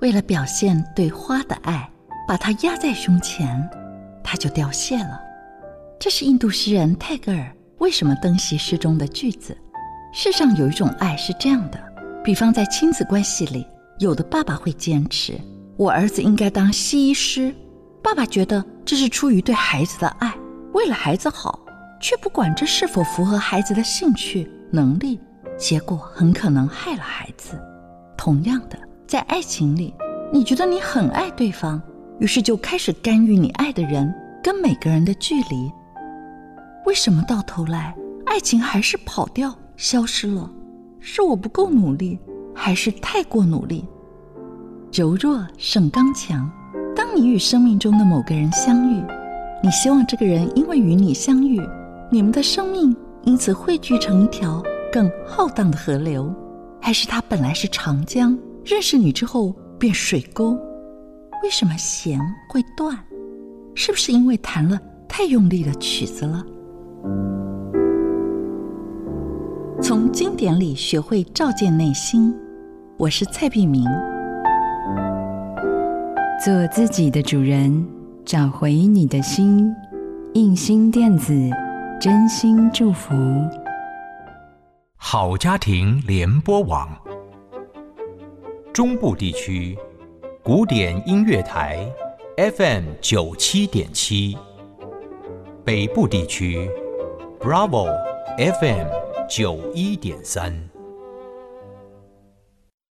為了表現對花的愛，把它壓在胸前，它就凋謝了。這是印度詩人泰戈爾《為什麼燈熄》詩中的句子。世上有一種愛是這樣的：比方在親子關係裡，有的爸爸會堅持我兒子應該當西醫師，爸爸覺得這是出於對孩子的愛，為了孩子好，卻不管這是否符合孩子的興趣能力，結果很可能害了孩子。同樣的。在愛情裡，你覺得你很愛對方，於是就開始干預你愛的人跟每個人的距離。為什麼到頭來愛情還是跑掉，消失了？是我不夠努力，還是太過努力？柔弱勝剛強。當你與生命中的某個人相遇，你希望這個人因為與你相遇，你們的生命因此匯聚成一條更浩蕩的河流，還是它本來是長江？認識你之後變水溝。為什麼弦會斷？是不是因為彈了太用力的曲子了？從經典裡學會照見內心，我是蔡璧名。做自己的主人，找回你的心。映興電子，真心祝福。好家庭聯播網。中部地區，古典音樂台，FM 九七點七；北部地區，Bravo FM 九一點三。